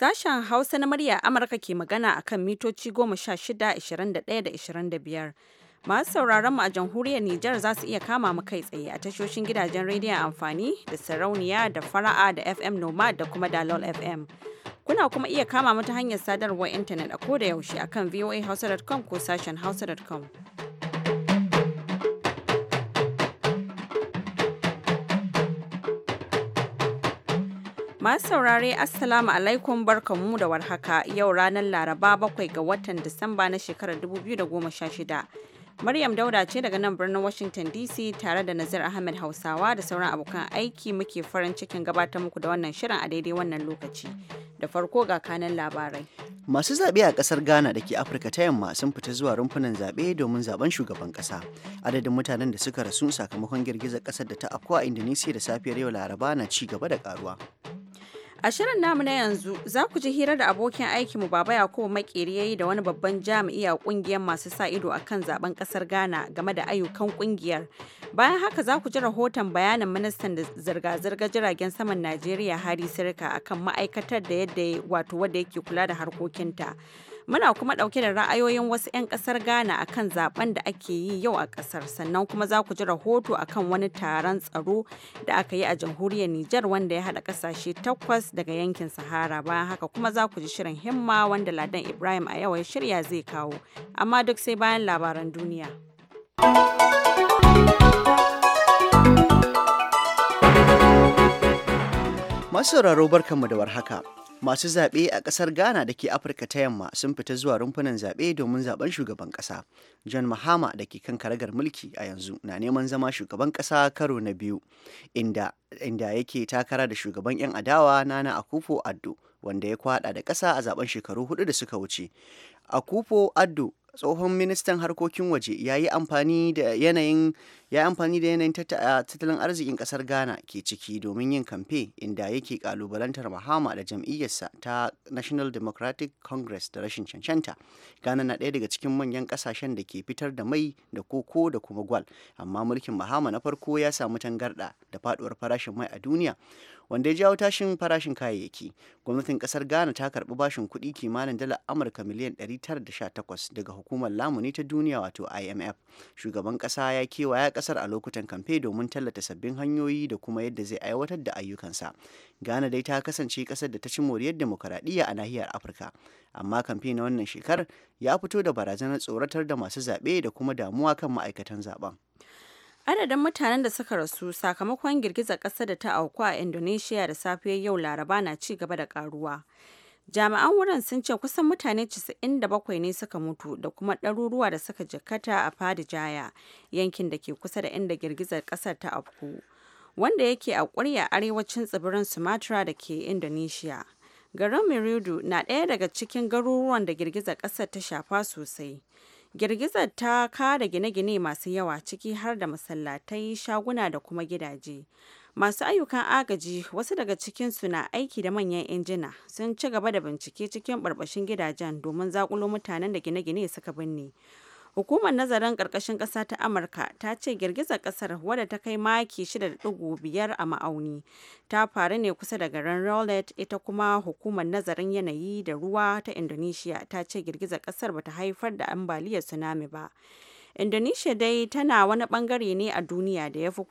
Sashen Hausa na murya Amurka ke magana a kan mitoci 16, 21 da 25. Masu sauraron mu a jamhuriyar Nijar za su iya kama mu kai tsaye a tashoshin gidajen rediyon amfani da sarauniya da fara'a da FM Nomad da kuma Dalol FM. Kuna kuma iya kama mu ta hanyar sadarwar intanet a koda yaushe akan voahausa.com ko sashen hausa.com. Masu saurare Assalamu alaikum barkanmu da warhaka yau ranar Laraba bakwai ga watan Disamba na shekarar 2016. Maryam Dauda ce daga nan birnin Washington DC tare da Nazir Ahmed Hausawa da sauran abokan aiki muke farin cikin gabatar muku da wannan shirin a daidai wannan lokaci. Da farko ga kanan labarai. Masu zaɓe a ƙasar Ghana da ke Afirka ta yamma sun fita zuwa rumfunan zaɓe domin zaɓen shugaban ƙasa. Adadin mutanen da suka rasu sakamakon girgizar ƙasar da ta afko a Indonesia da safiyar yau Laraba na ci gaba da ƙaruwa. A shirin namu na yanzu za ku ji hira da abokin aikinmu Baba Yakubu Makeri yayi da wani babban jami'i a kungiyar masu sa ido a kan zaben kasar Ghana game da ayyukan kungiyar. Bayan haka za ku ji rahoton bayanin ministan da zirga-zirga jiragen saman Najeriya Hari Sirka akan ma'aikatar da yadda wato wadda yake kula da harkokinta. Muna kuma ɗauke da ra'ayoyin wasu 'yan ƙasar Ghana akan zaben da ake yi yau a ƙasar sannan kuma za ku ji rahoto akan wani taron tsaro da aka yi a jamhuriyar Nijar wanda ya haɗa ƙasashe takwas daga yankin Sahara bayan haka kuma za ku ji shirin himma wanda Ladan Ibrahim a yau ya shirya zai kawo amma duk sai bayan labaran duniya. Masu sauraro barkanmu da warhaka. masu zaɓe a ƙasar ghana da ke afirka ta yamma sun fita zuwa rumfunan zaɓe domin zaɓen shugaban ƙasa john mahama da ke kan karagar mulki a yanzu na neman zama shugaban ƙasa karo na biyu inda inda yake takara da shugaban 'yan adawa nana akufo addo wanda ya kwada da ƙasa a zaɓen shekaru hudu da suka wuce akufo addo tsohon ministan harkokin waje ya yi amfani da yanayin ya amfani da yanayin tattalin arzikin kasar ghana ke ciki domin yin kamfe inda yake kalubalantar mahama da jam'iyyarsa ta national democratic congress da rashin cancanta ghana na ɗaya daga cikin manyan ƙasashen da ke fitar da mai da koko da kuma gwal amma mulkin mahama na farko ya samu tangarɗa da faɗuwar farashin mai a duniya wanda ya jawo tashin farashin kayayyaki gwamnatin kasar ghana ta karbi bashin kuɗi kimanin dala amurka miliyan 918 daga hukumar lamuni ta duniya wato imf shugaban kasa ya kewaya kasar a lokutan kamfe domin tallata sabbin hanyoyi da kuma yadda zai aiwatar da ayyukansa ghana dai ta kasance kasar da ta ci moriyar demokaradiyya a nahiyar afirka amma kamfe na wannan shekar ya fito da barazanar tsoratar da masu zaɓe da kuma damuwa kan ma'aikatan zaben Adadin mutanen da suka rasu sakamakon girgizar ƙasa da ta auku a Indonesia da safe yau Laraba na ci gaba da karuwa. Jami'an wurin sun ce kusan mutane 97 ne suka mutu da kuma ɗaruruwa da suka jikkata a Fadijaya, yankin da ke kusa da inda girgizar ƙasar ta afku, wanda yake a ƙwarya arewacin tsibirin Sumatra da ke Indonesia. Garin mirudu na ɗaya daga cikin garuruwan da girgizar ƙasar ta shafa sosai. Girgizar ta kada gine-gine masu yawa ciki har da masallatai, shaguna da kuma gidaje. Masu ayyukan agaji wasu daga cikinsu na aiki da manyan injina sun ci gaba da bincike cikin barbashin gidajen domin zakulo mutanen da gine-gine suka binne. Hukumar nazarin karkashin kasa ta Amurka ta ce girgizar ƙasar wadda ta kai maki 6.5 a ma'auni ta faru ne kusa da garin Rowlett ita kuma hukumar nazarin yanayi da ruwa ta Indonesia ta ce girgizar ƙasar bata haifar da ambaliyar tsunami ba. Indonesia dai tana wani bangare ne a duniya da ya fi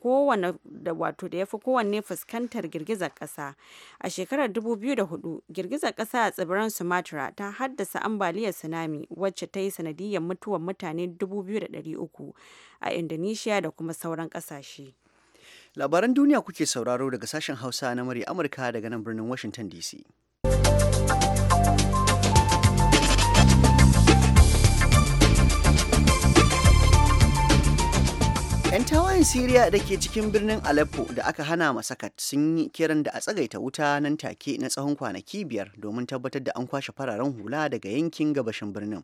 da wato da ya fi kowanne fuskantar girgizar kasa. A shekarar 2004, girgizar kasa a tsibiran Sumatra ta haddasa ambaliyar tsunami wacce ta yi sanadiyar mutuwar mutane 2,300 a Indonesia da kuma sauran kasashe. Labaran duniya kuke sauraro daga sashen Hausa na mari Amurka daga nan birnin Washington DC. 'Yan tawayen Siriya da ke cikin birnin Aleppo da aka hana masakat sun yi kiran da a tsagaita wuta nan take na tsawon kwanaki biyar domin tabbatar da an kwashe fararen hula daga yankin gabashin birnin.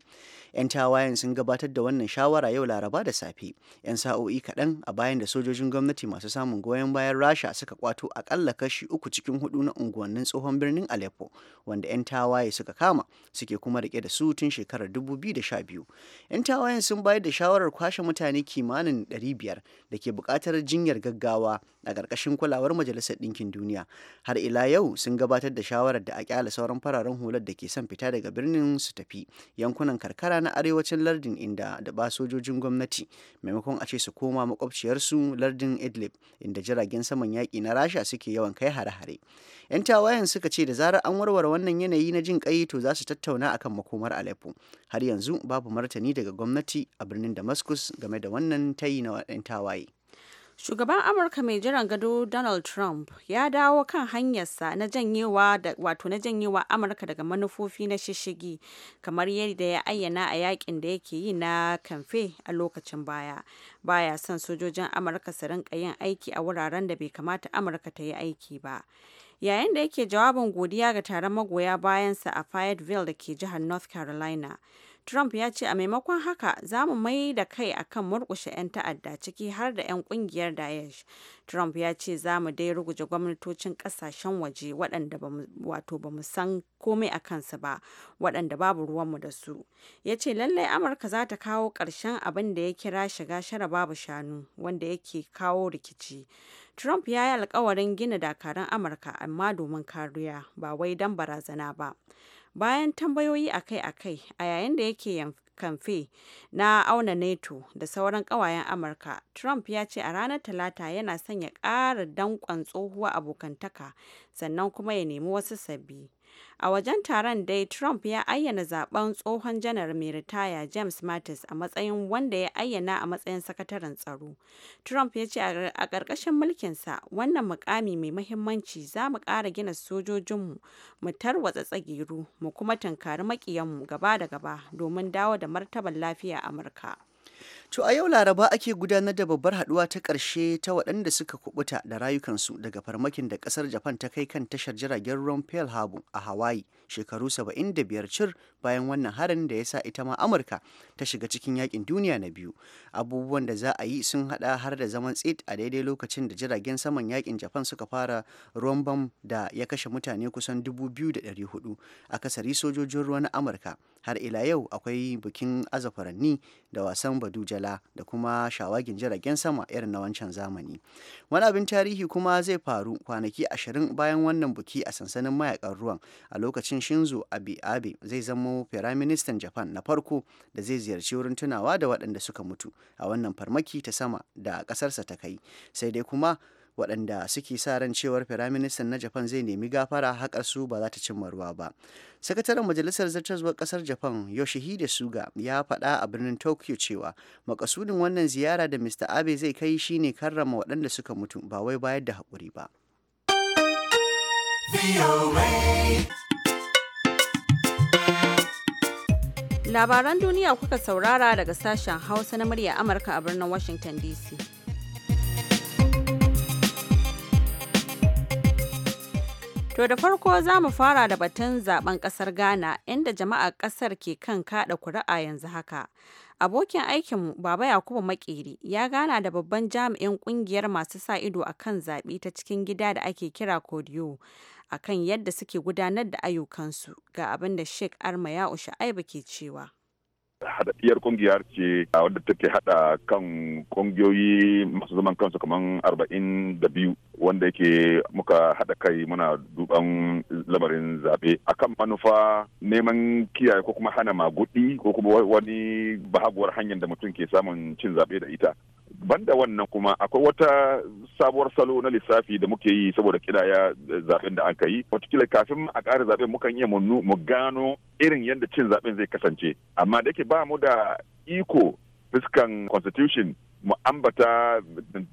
'Yan tawayen sun gabatar da wannan shawara yau Laraba da safe, 'yan sa'o'i kaɗan a bayan da sojojin gwamnati masu samun goyon bayan Rasha suka kwato akalla kashi uku cikin hudu na unguwannin tsohon birnin Aleppo, wanda 'yan tawaye suka kama suke kuma rike da su tun shekarar 2012. 'Yan tawayen sun bayar da shawarar kwashe mutane kimanin 500 da ke bukatar jinyar gaggawa a ƙarƙashin kulawar Majalisar Ɗinkin Duniya. Har ila yau sun gabatar da shawarar da a ƙyale sauran fararen hular da ke son fita daga birnin su tafi yankunan karkara na arewacin lardin inda da ba sojojin gwamnati maimakon a ce su koma makwabciyarsu lardin Idlib inda jiragen saman yaƙi na Rasha suke yawan kai hare-hare. 'Yan tawayen suka ce da zarar an warware wannan yanayi na jin ƙai to za su tattauna akan makomar Aleppo. Har yanzu babu martani daga gwamnati a birnin Damascus game da wannan tayi na 'yan tawaye. Shugaban Amurka mai jiran gado Donald Trump ya dawo kan hanyarsa na janyewa wato na janyewa Amurka daga manufofi na shishigi kamar yadda ya ayyana a yakin da yake yi na kamfe a lokacin baya. Baya son sojojin Amurka su rinka yin aiki a wuraren da bai kamata Amurka ta yi aiki ba. Yayin da yake jawabin godiya ga taron magoya bayansa a Fayetteville da ke jihar North Carolina. Trump ya ce a maimakon haka za mu mai da kai akan murkushe 'yan ta'adda ciki har da 'yan kungiyar Daesh. Trump ya ce za mu dai ruguje gwamnatocin kasashen waje waɗanda wato ba mu san komai a kansu ba waɗanda babu ruwanmu da su. Ya ce lallai Amurka za ta kawo ƙarshen abin da ya kira shiga shara babu shanu wanda yake kawo rikici. Trump ya yi alkawarin gina dakarun Amurka amma domin kariya ba wai don barazana ba. bayan tambayoyi akai-akai a yayin da yake kamfe na auna NATO da sauran ƙawayen Amurka, Trump ya ce a ranar Talata yana son ya ƙara danƙon tsohuwar abokantaka sannan kuma ya nemi wasu sabbi. A wajen taron dai, Trump ya ayyana zaben tsohon janar mai ritaya James Mattis a matsayin wanda ya ayyana a matsayin sakataren tsaro. Trump ya ce a ƙarƙashin mulkinsa, wannan mukami mai mahimmanci za mu ƙara gina sojojinmu, mu tarwatsa tsagiru, mu kuma tunkari maƙiyanmu gaba da gaba domin dawo da martabar lafiya Amurka. To a yau Laraba ake gudanar da babbar haduwa ta karshe ta waɗanda suka kubuta da rayukansu daga farmakin da ƙasar Japan ta kai kan tashar jiragen ruwan Pearl Harbor a Hawaii shekaru 75 cir bayan wannan harin da ya sa ita ma Amurka ta shiga cikin yakin duniya na biyu. Abubuwan da za a yi sun hada har da zaman tsit a daidai lokacin da jiragen saman yakin Japan suka fara ruwan bam da ya kashe mutane kusan 2,400 kasari sojojin ruwa na Amurka. Har ila yau akwai bikin azafaranni da wasan baduja ingila da kuma shawagin jiragen sama irin na wancan zamani wani abin tarihi kuma zai faru kwanaki ashirin bayan wannan buki a sansanin mayakan ruwan a lokacin shinzo abe abe zai zamo firaministan japan na farko da zai ziyarci wurin tunawa da waɗanda suka mutu a wannan farmaki ta sama da ƙasarsa ta kai sai dai kuma waɗanda suke sa ran cewar firaministan na japan zai nemi gafara haƙar su ba za ta cimma ruwa ba sakataren majalisar zartaswar ƙasar japan yoshihide suga ya faɗa a birnin tokyo cewa makasudin wannan ziyara da mr abe zai kai shine karrama waɗanda suka mutu ba wai bayar da haƙuri ba labaran duniya kuka saurara daga sashen hausa na murya amurka a birnin washington dc To da farko za mu fara da batun zaben kasar Ghana inda jama'a kasar ke kan kada kuri'a yanzu haka. Abokin aikinmu Baba Yakubu Makeri ya gana da babban jami'in kungiyar masu sa ido a kan zaɓe ta cikin gida da ake kira Kodiyo a kan yadda suke gudanar da ayyukansu ga abin da Sheikh Arma ya aibu ke cewa. haɗaɗɗiyar ƙungiyar ce wadda take haɗa kan ƙungiyoyi masu zaman kansu kamar arba'in da biyu wanda yake muka haɗa kai muna duban lamarin zaɓe kan manufa neman kiyaye ko kuma hana magudi ko kuma wani bahaguwar hanyar da mutum ke samun cin zaɓe da ita banda wannan kuma akwai wata sabuwar salo na lissafi da muke yi saboda kidaya eh, zaben da aka yi watakila kafin a ƙara zaben mukan iya mu gano irin yadda cin zaben zai kasance amma da yake ba mu da iko fiskan constitution mu ambata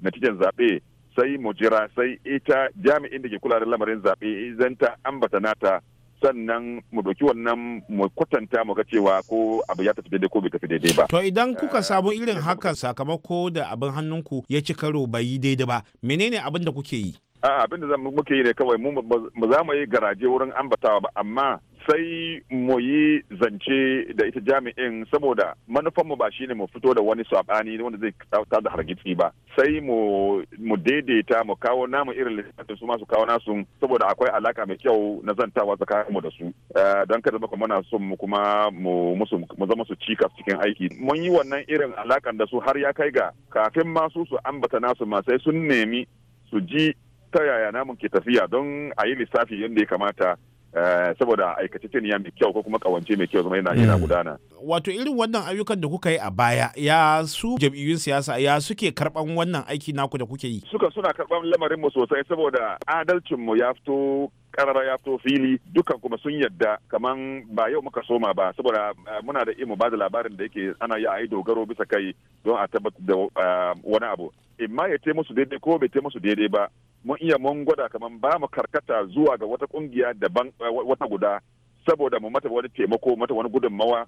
natijan zaɓe sai mu jira sai ita jami'in da ke kula da lamarin zaɓe zanta ambata nata sannan mu ɗauki wannan mu kwatanta mu ga cewa ko abu ya tafi daidai ko bai tafi daidai ba. To idan kuka eh. samu irin hakan sakamako da abin hannunku ya ci karo bai yi daidai ba menene abin da kuke yi? a abin da muke yi ne kawai mu za mu yi garaje wurin ambatawa ba amma sai mu yi zance da ita jami'in saboda manufanmu ba shi ne mu fito da wani saɓani wanda zai ta da hargitsi ba sai mu daidaita mu kawo namu irin lissafin su masu kawo nasu saboda akwai alaka mai kyau na zantawa tsakanin mu da su eh, don kada zama muna son mu kuma mu zama su cikas cikin aiki mun yi wannan irin alakan da su har ya kai ga kafin ma su su ambata nasu ma sai sun nemi su ji ta yaya namun ke tafiya don a yi lissafi yadda ya kamata Eh, saboda aikace niya mai kyau ko kuma kawance mai kyau zama yana yana mm. gudana. Wato irin wannan ayyukan da kuka yi a baya ya su jam'iyyun siyasa ya suke karban wannan aiki naku da kuke yi. Suka suna karban lamarin mu sosai saboda adalcin mu ya fito karara ya fito fili dukkan kuma sun yadda kaman ba yau muka soma ba saboda eh, muna da imu ba labarin da yake ana yi a yi dogaro bisa kai don a tabbatar da eh, wani abu imma ya te musu daidai ko bai te musu daidai ba mun iya mun gwada kaman ba mu karkata zuwa ga wata kungiya daban eh, wata guda saboda mu mata wani taimako mata wani gudunmawa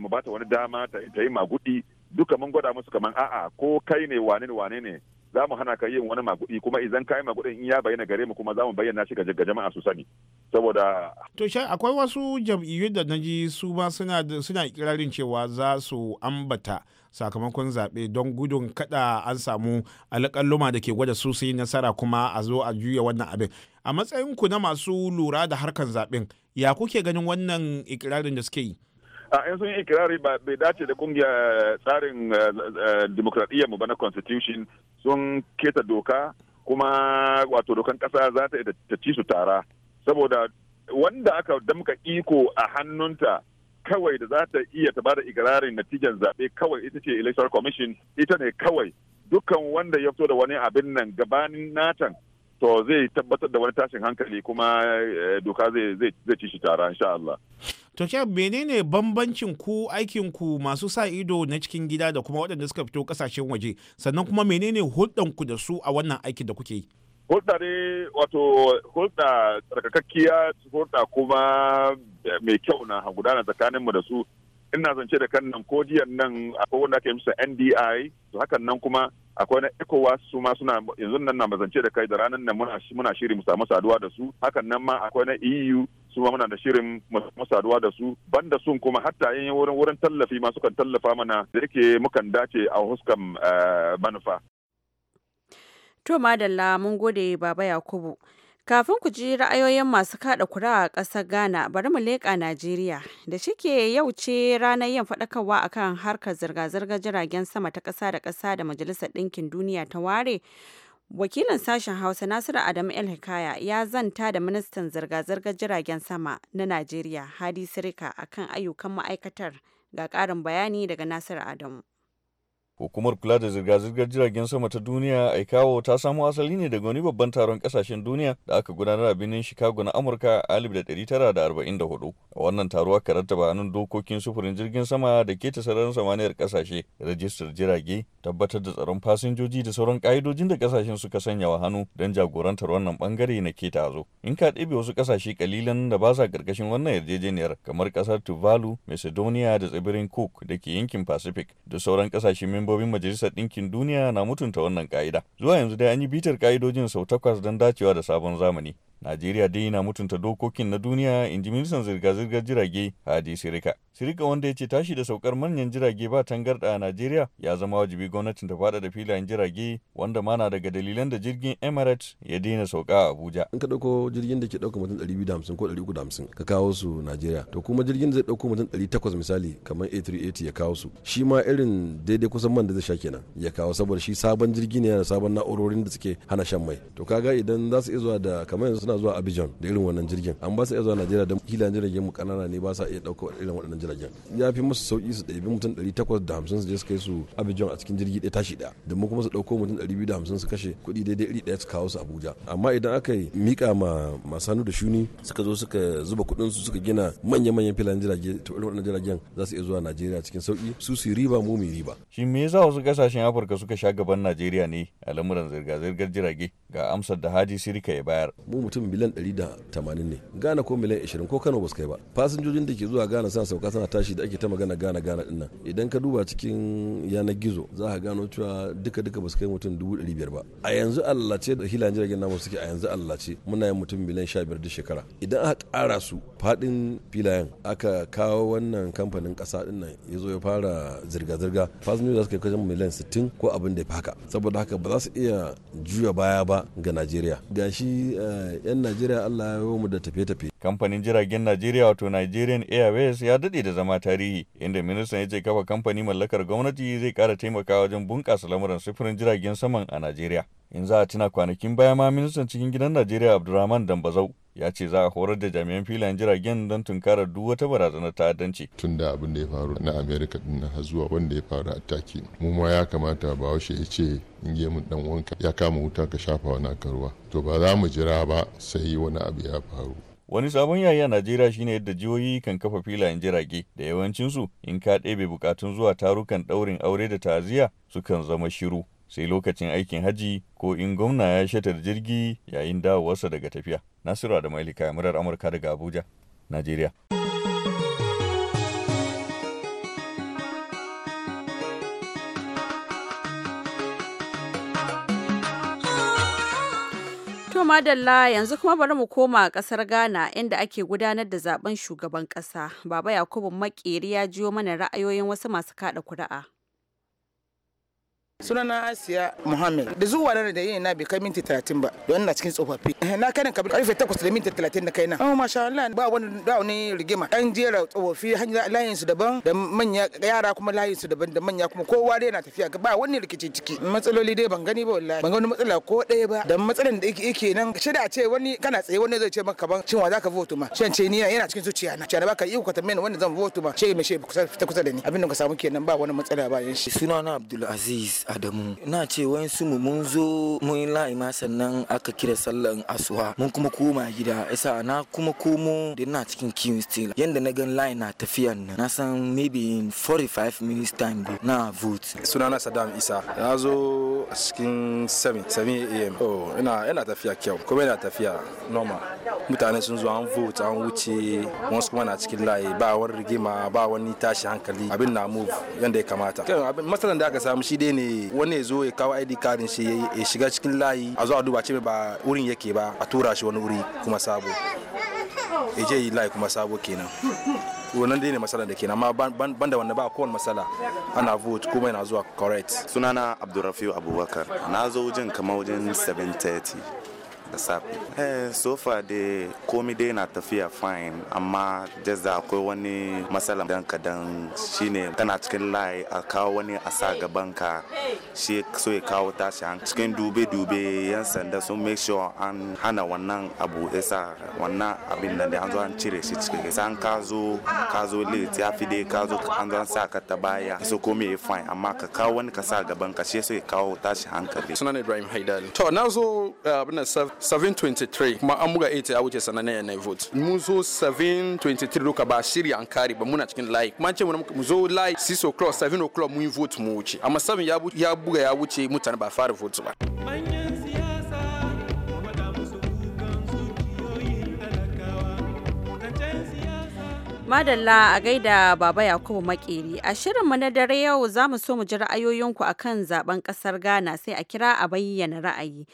mu bata wani dama ta yi magudi duka mun gwada musu kaman a'a ko kai ne wane ne wane ne za mu hana ka yin wani maguɗi kuma idan ka yi maguɗin in ya bayyana gare mu kuma za mu bayyana shi ga jama'a su sani saboda. to sha akwai wasu jam'iyyun da na ji su ma suna suna ikirarin cewa za su ambata sakamakon zaɓe don gudun kada an samu alƙalluma da ke gwada su su yi nasara kuma a zo a juya wannan abin a matsayin ku na masu lura da harkan zaɓen ya kuke ganin wannan ikirarin da suke yi. a in sun yi ikirari ba bai dace da kungiyar eh, tsarin eh, eh, demokradiyya mu ba na constitution sun keta doka kuma wato dokan kasa za ta ta ci su tara saboda wanda aka damka iko a hannunta kawai da za ta iya ta bada ikirarin natijan zaɓe kawai ita ce electoral commission ita ne kawai dukkan wanda ya fito da wani abin nan gabanin natan to zai tabbatar da wani tashin hankali kuma doka zai ci shi tara insha Allah. To menene bambancin ku aikin ku masu sa ido na cikin gida da kuma waɗanda suka fito kasashen waje sannan kuma menene hulɗan ku da su a wannan aikin da kuke yi? Hulɗa ne wato hulɗa tsarkakakkiya hulɗa kuma mai kyau na gudana tsakaninmu da su ina zance da kan nan kodiyan nan akwai wanda ake misa NDI to hakan nan kuma akwai na ECOWAS su ma suna yanzu nan na mazance da kai da ranar nan muna muna shiri mu samu saduwa da su hakan nan ma akwai na EU su ma muna da shirin mu saduwa da su banda sun kuma hatta yin wurin wurin tallafi ma sukan tallafa mana da yake mukan dace a huskan eh, manufa to madalla mun gode baba yakubu Kafin ku ji ra'ayoyin masu kada kura a ƙasar Ghana, bari mu leƙa Najeriya. Da shike yau ce ranar yin faɗakarwa a kan harkar zirga-zirgar jiragen sama ta ƙasa da ƙasa da Majalisar Ɗinkin Duniya ta ware. Wakilin sashen Hausa Nasiru Adamu El Hikaya ya zanta da ministan zirga-zirgar jiragen sama na Najeriya Hadi Sirika akan ayyukan ma'aikatar ga ƙarin bayani daga Nasiru Adamu. Hukumar kula da zirga-zirgar jiragen sama ta duniya aikawa ta samo asali ne daga wani babban taron kasashen duniya da aka gudanar a birnin Chicago na Amurka a 1944. A wannan taro aka rattaba hannun dokokin sufurin jirgin sama da ke ta sararin samaniyar kasashe, rajistar jirage, tabbatar da tsaron fasinjoji da sauran ka'idojin da kasashen suka sanya wa hannu don jagorantar wannan bangare na ke zo In ka ɗebe wasu kasashe kalilan da ba sa karkashin wannan yarjejeniyar kamar ƙasar Tuvalu, Macedonia da tsibirin Cook da ke yankin Pacific da sauran kasashe membobin Majalisar Ɗinkin Duniya na mutunta wannan ka'ida. Zuwa yanzu dai an yi bitar ka'idojin sau takwas don dacewa da sabon zamani. Najeriya dai na mutunta dokokin na duniya in ji ministan zirga-zirgar jirage Hadi Sirika. Sirika wanda ya ce tashi da saukar manyan jirage ba tangarɗa a Najeriya ya zama wajibi gwamnatin ta da filayen jirage wanda ma daga dalilan da jirgin Emirates ya daina sauka a Abuja. In ka dauko jirgin da ke dauka mutum ɗari biyu da hamsin ko ɗari uku da hamsin ka kawo su Najeriya to kuma jirgin zai dauko mutum ɗari takwas misali kamar A380 ya kawo su shi ma irin daidai kusan man da zai sha kenan ya kawo saboda shi sabon jirgi ne yana sabon na'urorin da suke hana shan mai to kaga idan za su iya zuwa da kamar yanzu suna zuwa abijan da irin wannan jirgin an ba su iya zuwa najeriya don hila jiragen mu kanana ne ba sa iya dauka irin waɗannan jiragen ya fi musu sauki su ɗabi mutum ɗari takwas da hamsin su je su kai su abijan a cikin jirgi ɗaya tashi ɗaya da mu kuma su ɗauko mutum ɗari biyu da hamsin su kashe kuɗi daidai iri ɗaya su kawo su abuja amma idan aka yi miƙa ma masanu da shuni suka zo suka zuba kuɗin su suka gina manya-manyan filan jirage to irin waɗannan jiragen za su iya zuwa najeriya cikin sauki su su riba mu mu riba. shi me yasa wasu ƙasashen afirka suka sha gaban najeriya ne a lamuran zirga-zirgar jirage ga amsar da haji sirika ya bayar. mu mutum miliyan 180 ne gana ko miliyan 20 ko kano ba su kai ba fasinjojin da ke zuwa gana suna sauka suna tashi da ake ta magana gana gana din nan idan ka duba cikin yanar gizo za ka gano cewa duka duka ba su kai mutum 500 ba a yanzu allace da hilan jiragen namu suke a yanzu allace muna yin mutum miliyan 15 duk shekara idan aka kara su fadin filayen aka kawo wannan kamfanin kasa din nan ya zo ya fara zirga-zirga fasinjoji za su kai kashin miliyan 60 ko abin da ya faka saboda haka ba za su iya juya baya ba ga najeriya gashi eh, 'yan Najeriya Allah ya mu da tafe tafe. Kamfanin jiragen Najeriya wato Nigerian Airways ya dade da zama tarihi inda ministan ya ce kafa kamfani mallakar gwamnati zai kara taimakawa wajen bunƙasa lamuran sufurin jiragen saman a Najeriya. In za a tuna kwanakin baya ma ministan cikin gidan Najeriya Abdulrahman Dambazau ya ce za a horar da jami'an filayen jiragen don tunkarar duk wata barazanar ta'addanci. Tun da abin da ya faru na Amerika din na zuwa wanda ya faru a taki. Mu ma ya kamata ba washe ya ce in ge mun dan wanka ya kama wuta ka shafa wani ruwa. To ba za mu jira ba sai wani abu ya faru. Wani sabon yayi a Najeriya shine yadda jihohi kan kafa filayen jirage da yawancinsu in ka ɗebe bukatun zuwa tarukan ɗaurin aure da ta'aziyya sukan zama shiru. sai lokacin aikin hajji ko in gwamna ya shatar jirgi yayin dawowarsa daga tafiya. Nasiru da Malika murar Amurka daga Abuja, Najeriya. To madalla yanzu kuma bari mu koma kasar Ghana inda ake gudanar da zaben shugaban kasa. Baba Yakubu Makeri ya jiyo mana ra'ayoyin wasu masu kada kuri'a. sunana asiya muhammed da zuwa nan da yin na bai kai minti talatin ba don na cikin tsofaffi eh, na kai kamar karfe takwas da minti talatin na kai na amma oh, masha Allah ba wani da wani rigima an jera tsofaffi layin su daban da manya yara kuma layin su daban da manya kuma kowa dai yana tafiya ba wani rikici ciki matsaloli dai ban gani ba wallahi ban gani matsala ko ɗaya ba da matsalan da yake nan shida a ce wani kana tsaye wani zai ce maka kaban shin wa zaka voto ma shin ce ni yana cikin zuciya na ba baka yi ka tambaye wanda zan voto ma ce me she kusa kusa da ni abin da ka samu kenan ba wani matsala ba yan shi sunana abdul aziz Adamu ina ce wayansu mu mun zo mun layi ma sannan aka kira sallan asuwa mun kuma koma gida isa na kuma komo da ina cikin kiwon still yadda na gan layi na tafiyan nan na san maybe in 45 minutes time go na vote sunana Saddam Isa na zo cikin 7 am oh ina ina tafiya kyau kuma ina tafiya normal mutane sun zo an vote an wuce wasu kuma na cikin layi ba wani rigima ba wani tashi hankali abin na move yadda ya kamata kan masalan da aka samu shi dai ne wani ya zo ya kawo ID card shi ya shiga cikin layi a zo a duba ce ba wurin yake ba a tura shi wani wuri kuma sabo ya je yi layi kuma sabo kenan wannan dai ne masala da kenan amma ban da wanda ba kowane masala ana vote kuma yana zuwa correct sunana abdurrafiu abubakar na zo wajen kama wajen 730 da safe eh da komi dai na tafiya fine amma jazza akwai wani matsala dan kadan shine tana cikin layi a kawo wani a sa gaban ka shi so ya kawo tashi cikin dube-dube yan sanda sun make sure an hana wannan abu isa wannan abin da an zo an cire shi cikin isa an ka zo ka zo late ya fi dai ka zo an zo an sa ka ta baya so komi ya fine amma ka kawo wani ka sa gaban ka shi so ya kawo tashi hankali sunan ibrahim haidal to na zo eh, abin da 723 kuma an buga 8 ya wuce sanannen yanayi vote mun zo 723 duka ba shirya an kare ba muna cikin layi kuma ce mu zo layi 6 o'clock 7 o'clock mun yi vote mu wuce amma 7 ya buga ya wuce mutane ba fara vote ba. Madalla a gaida Baba Yakubu Makeri. A shirinmu na dare yau za mu so mu ji ra'ayoyinku akan zaben kasar Ghana sai a kira a bayyana ra'ayi.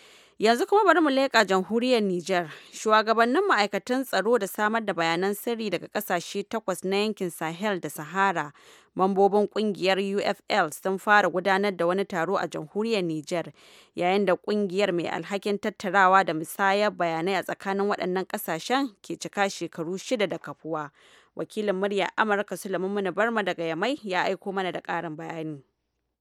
Yanzu kuma bari mu leƙa jamhuriyar Nijar. Shugabannin ma'aikatan tsaro da samar da bayanan sirri daga kasashe takwas na yankin Sahel da Sahara, mambobin kungiyar UFL sun fara gudanar da wani taro a jamhuriyar Nijar, yayin da kungiyar mai alhakin tattarawa da musayar bayanai a tsakanin waɗannan ƙasashen ke cika shekaru shida da kafuwa. Wakilin murya Amurka Sulaiman Barma daga Yamai ya aiko mana da ƙarin bayani.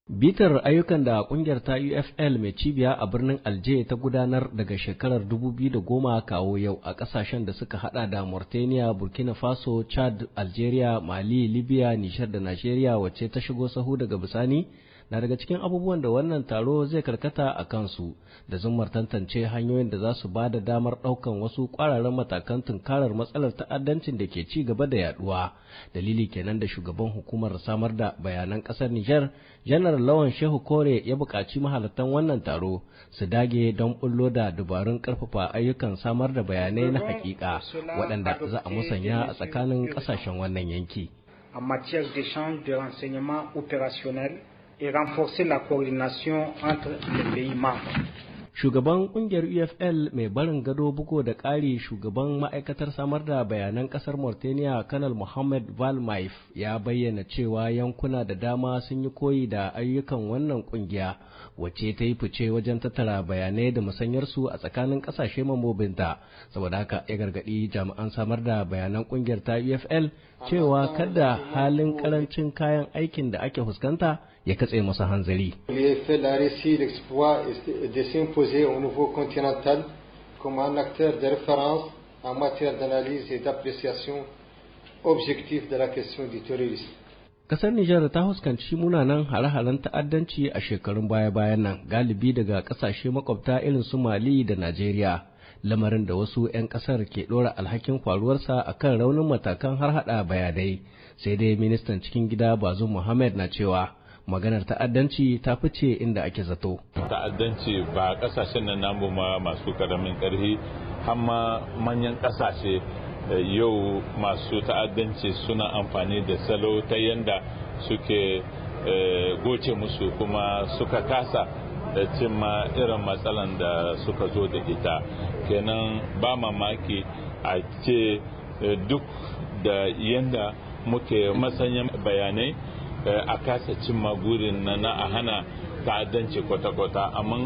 Bitar ayyukan da kungiyar ta UFL mai cibiya a birnin Alje ta gudanar daga shekarar 2010 kawo yau a kasashen da suka hada da Mauritania, Burkina Faso, Chad, Algeria, Mali, Libya, Nishar da Najeriya wacce ta shigo sahu daga bisani na daga cikin abubuwan da wannan taro zai karkata a kansu da zumar tantance hanyoyin da za su ba da damar ɗaukan wasu ƙwararren matakan tunkarar matsalar ta'addancin da ke ci gaba da yaduwa dalili kenan da shugaban hukumar samar da bayanan ƙasar niger janar Lawan Shehu Kore ya buƙaci mahalartan wannan taro su dage don bullo da dabarun ƙarfafa ayyukan samar da bayanai na hakika waɗanda za a musanya a tsakanin ƙasashen wannan yanki. en matière d'échange de renseignements opérationnels et renforcer la coordination entre les pays membres. Shugaban kungiyar UFL mai barin gado buko da ƙari shugaban ma'aikatar samar da bayanan ƙasar Mauritania Kanal Mohammed Valmaif ya bayyana cewa yankuna da dama sun yi koyi da ayyukan wannan kungiya wacce ta yi fice wajen tattara bayanai da musanyarsu a tsakanin ƙasashe mambobinta. Saboda haka ya gargaɗi jami'an samar da bayanan kungiyar ta UFL cewa kada halin ƙarancin kayan aikin da ake fuskanta ya katse masa hanzari. comme un acteur de référence en matière d'analyse et d'appréciation objective de la question du terrorisme. Kasar Nijar ta fuskanci munanan hare-haren ta'addanci a shekarun baya-bayan nan galibi daga ƙasashe makwabta irin su Mali da Najeriya. lamarin da wasu 'yan kasar ke ɗora alhakin faruwarsa a kan raunin matakan har hada bayanai sai dai ministan cikin gida bazu muhammad na cewa maganar ta'addanci ta fice inda ake zato ta'addanci ba kasashen nan namu ma masu karamin karfi hamma manyan kasashe eh, yau masu ta'addanci suna amfani da salo ta yanda suke eh, goce musu kuma suka kasa da cimma irin matsalan da suka zo da ita kenan ba mamaki a ce eh, duk da yadda muke masanyan bayanai eh, a kasa cimma gurin na na a hana ta'addanci kwata-kwata amma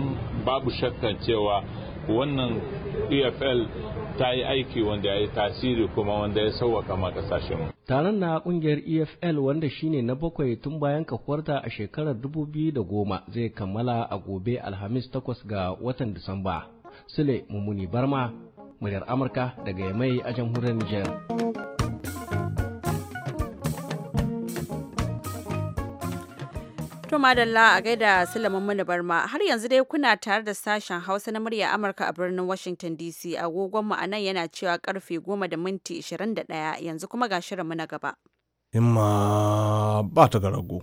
babu shakkan cewa wannan efl ta yi aiki wanda ya yi tasiri kuma wanda ya sauwaka ma kasashen taron na kungiyar efl wanda shine na bakwai tun bayan kafuwarta a shekarar 2010 zai kammala a gobe alhamis 8 ga watan disamba sule mummuni barma muryar amurka daga yamai a jamhuriyar niger To madalla a gaida Sulaiman Muni Barma har yanzu dai kuna tare da sashen Hausa na murya Amurka a birnin Washington DC agogonmu a nan yana cewa karfe 10 da minti 21 yanzu kuma ga shirinmu na gaba. Himma ba ta ga rago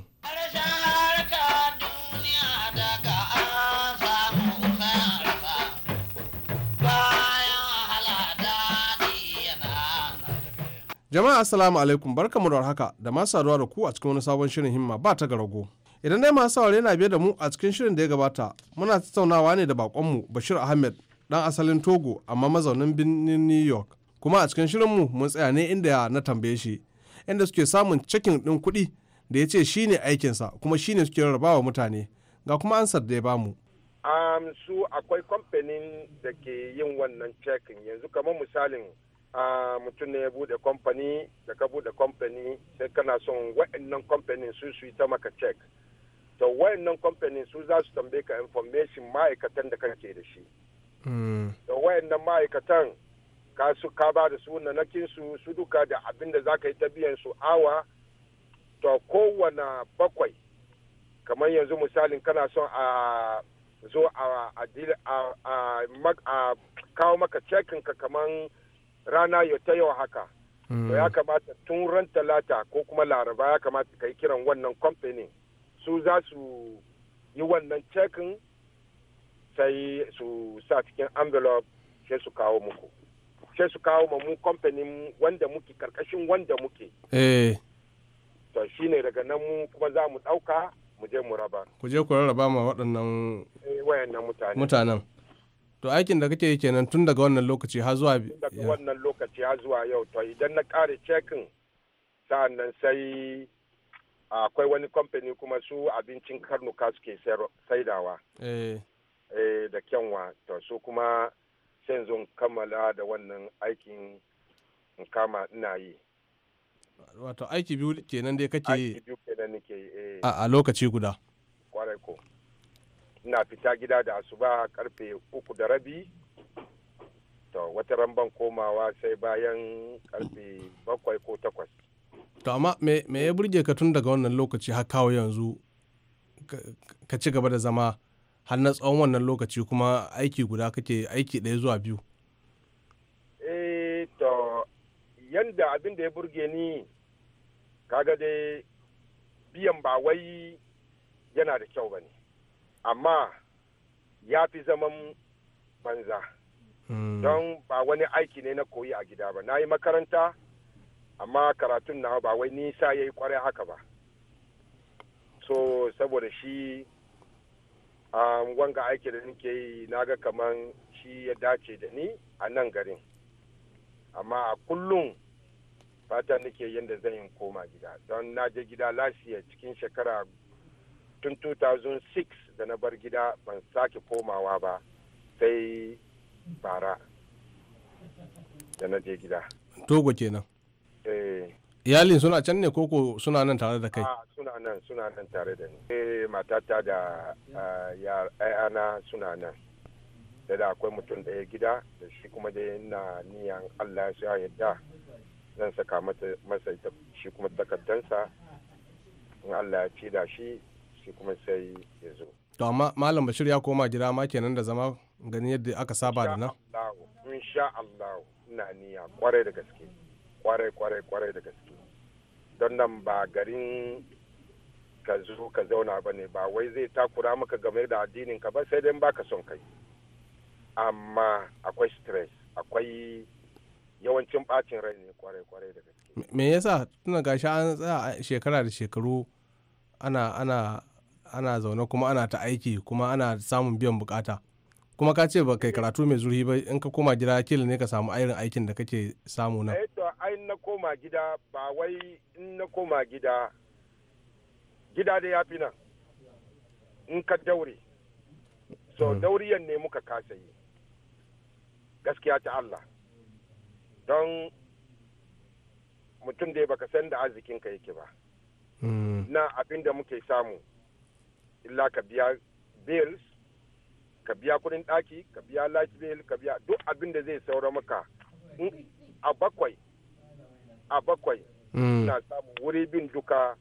Jama'a assalamu alaikum barkamu da haka da masu saduwa da ku a cikin wani sabon shirin himma ba ta ga rago idan dai masu saurari yana biye da mu a cikin shirin da ya gabata muna tattaunawa ne da bakonmu bashir ahmed dan asalin togo amma mazaunin birnin new york kuma a cikin shirinmu mun tsaya ne inda na tambaye shi inda suke samun cikin ɗin kuɗi da ya ce shi ne aikinsa kuma shi ne suke rarrabawa mutane ga kuma ansar da ya bamu um, su akwai kamfanin da ke yin wannan cekin yanzu kamar misalin uh, mutum ne ya bude kamfani da ka bude kamfani sai kana son wa'annan kamfanin su su yi ta maka cek da wayannan kamfanin su za su tambaye ka information ma'aikatan da kake da shi mm. da wayannan ma'aikatan ka su ka ba da su nanakin su su duka da abin da za ka yi ta biyan su awa to kowane bakwai kamar yanzu misalin kana son a zo a kawo maka cekin ka kamar rana yau ta yau haka to mm. ya kamata tun ran talata ko kuma laraba ya kamata ka yi kiran wannan kamfanin su za su yi wannan cekin sai su sa cikin envelope sai su kawo muku sai su kawo ma mu kamfanin wanda muke karkashin wanda muke eh. to shi ne daga nan mu kuma za mu dauka mu je mu raba ku je ku raba ma waɗannan eh, mutanen to aikin da kake yi kenan tun daga wannan lokaci har zuwa daga wannan lokaci har zuwa yau to idan na kare cekin sa'an nan sai akwai wani kamfani kuma su abincin karnuka suke saidawa eh. Eh, da kyanwa to su kuma sai zo kammala da wannan aikin kama ina yi wato aiki biyu kenan dai kake yi aiki biyu kenan nake yi eh. a lokaci guda kwarai ko ina fita gida da asuba karfe uku da rabi to wata ramban komawa sai bayan karfe bakwai ko takwas to amma me ya burge ka tun daga wannan lokaci har kawo yanzu ka ci gaba da zama har na tsawon wannan lokaci kuma aiki guda kake aiki ɗaya zuwa biyu eh to yanda abin da ya burge ni kaga dai biyan ba wai yana da kyau ba ne amma ya fi zaman banza hmm. don ba wani aiki ne na koyi a gida ba na yi makaranta amma karatun na ba wai nisa ya yi kwarai haka ba so saboda shi um, wanga aiki da nake yi naga ga kaman shi ya dace da ni a nan garin amma a kullum fata nake yadda zan yi koma gida don na je gida lafiya cikin shekara tun 2006 da na bar gida ban sake komawa ba sai bara da na je gida togo kenan Eh. iyalin suna can ne koko suna nan tare da kai ah, suna nan suna nan tare da ni eh matata da ah, suna nan da da akwai mutum da ya gida da shi kuma da yana niyan Allah ya yadda zan saka masa ita shi kuma takardansa in Allah ya ci da shi shi kuma sai ya zo to amma malam bashir ya koma gida ma kenan da zama ganin yadda aka saba da nan insha Allah ina niyya kwarai da gaske kwarai kwarai kwarai da gaske don nan ba garin ka zo ka zauna ba ne ba wai zai takura maka game da addinin ka ba sai dai ba ka son kai amma akwai stress akwai yawancin bacin rai ne kwarai kwarai da gaske me yasa tuna gashi an tsaya shekara da shekaru ana ana ana zaune kuma ana ta aiki kuma ana samun biyan bukata kuma ka ce ba kai karatu mai zurfi ba in ka koma gida kila ne ka samu airin aikin da kake samu nan eh na koma gida ba wai in na koma gida gida da ya fi nan in ka daure so hmm. dauriyan ne muka kasa yi gaskiya ta Allah don mutum da baka san da arzikinka yake ba hmm. na abin da muke samu illa ka biya bills ka biya kudin daki ka biya light bill ka biya duk abin da zai saura maka a bakwai a bakwai hmm. na samu wuri bin duka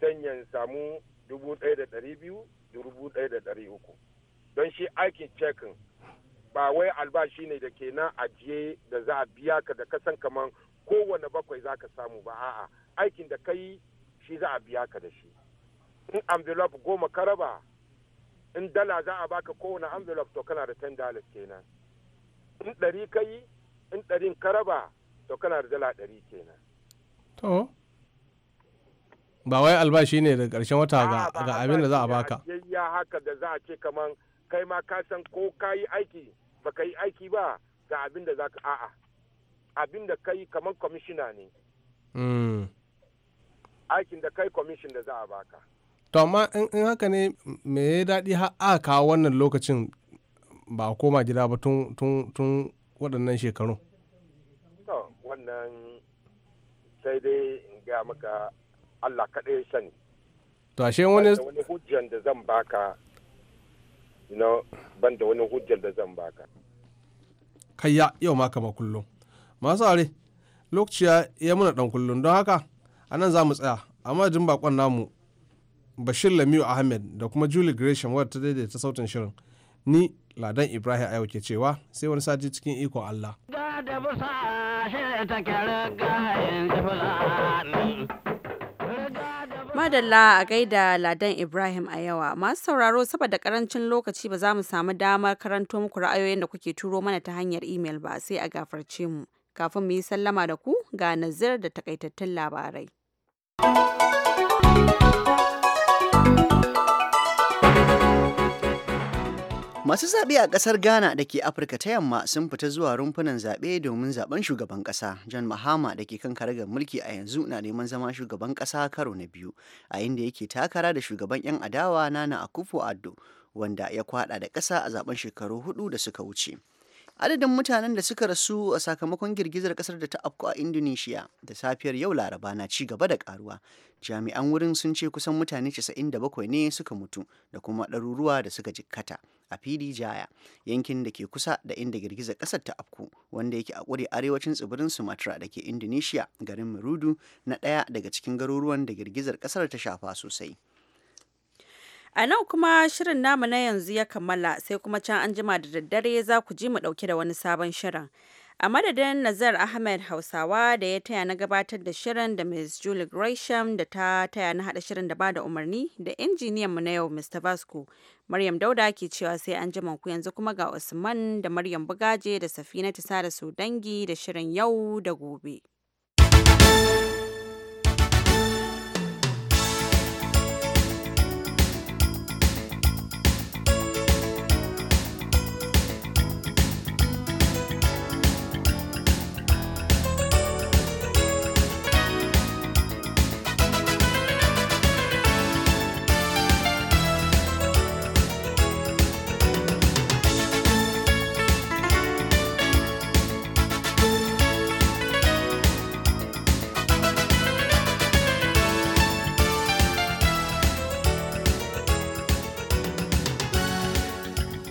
sanyan samu dubu ɗaya da ɗari biyu da dubu ɗaya da ɗari uku don shi aikin cekin ba wai albashi ne da ke nan ajiye da za a biya ka da kasan kaman kowane bakwai za ka samu ba a'a aikin da kai shi za a biya ka da shi in envelope goma ka raba in dala za a baka kowane envelope to kana da ten dollars kenan in ɗari ka in ɗarin ka raba to kana da dala ɗari kenan to ba wai albashi ne daga ƙarshen wata ga abin da za a baka ya haka da za a ce kaman kai ma ka san ko ka yi aiki ba ka yi aiki ba ga abin da za ka a'a abin da kai kaman kwamishina ne hmm. aikin da kai kwamishin da za a baka to amma in haka ne me ya daɗi har a kawo wannan lokacin ba koma gida ba tun waɗannan shekaru to wannan sai dai in gaya maka Allah kaɗai sani. To ashe wani hujjar da zan baka you know ban da wani hujjar da zan baka. Kayya yau ma kama kullum. Masu are lokaci ya muna dan kullum don haka a nan za mu tsaya amma jin bakon namu Bashir Lamiu Ahmed da kuma Julie Gresham wadda ta daidaita sautin shirin. Ni Ladan Ibrahim Ayo ke cewa sai wani sati cikin ikon Allah. da Madalla a gaida Ladan Ibrahim a yawa masu sauraro saboda karancin lokaci ba za mu samu damar karanto muku ra'ayoyin da kuke turo mana ta hanyar imel ba sai a gafarce mu. Kafin mu yi sallama da ku ga nazir da takaitattun labarai. Masu zaɓe a ƙasar Ghana da ke Afirka ta yamma sun fita zuwa rumfunan zaɓe domin zaɓen shugaban ƙasa. John Mahama da ke kan karagar mulki a yanzu na neman zama shugaban ƙasa karo na biyu, a inda yake takara da shugaban 'yan adawa Nana Akufo-Addo, wanda ya kwaɗa da ƙasa a zaɓen shekaru hudu da suka wuce. adadin mutanen da suka rasu a sakamakon girgizar ƙasar da ta afku a indonesia da safiyar yau laraba na ci gaba da ƙaruwa jami'an wurin sun ce kusan mutane 97 ne suka mutu da kuma ɗaruruwa da suka jikkata a fili jaya yankin da ke kusa da inda girgizar ƙasar ta afku wanda yake a ƙure arewacin tsibirin sumatra da ke indonesia garin marudu na ɗaya daga cikin garuruwan da girgizar ƙasar ta shafa sosai a nan kuma shirin namu na yanzu ya kammala sai kuma can an jima da daddare za ku ji mu ɗauke da wani sabon shirin A madadin Nazar Ahmed Hausawa da ya taya na gabatar da shirin da Ms. Julie Gresham da ta taya na haɗa shirin da ba da umarni da injiniyan mu na yau Mr. Vasco. Maryam Dauda ke cewa sai an jima ku yanzu kuma ga Usman da Maryam Bugaje da Safina ta sada da dangi da shirin yau da gobe.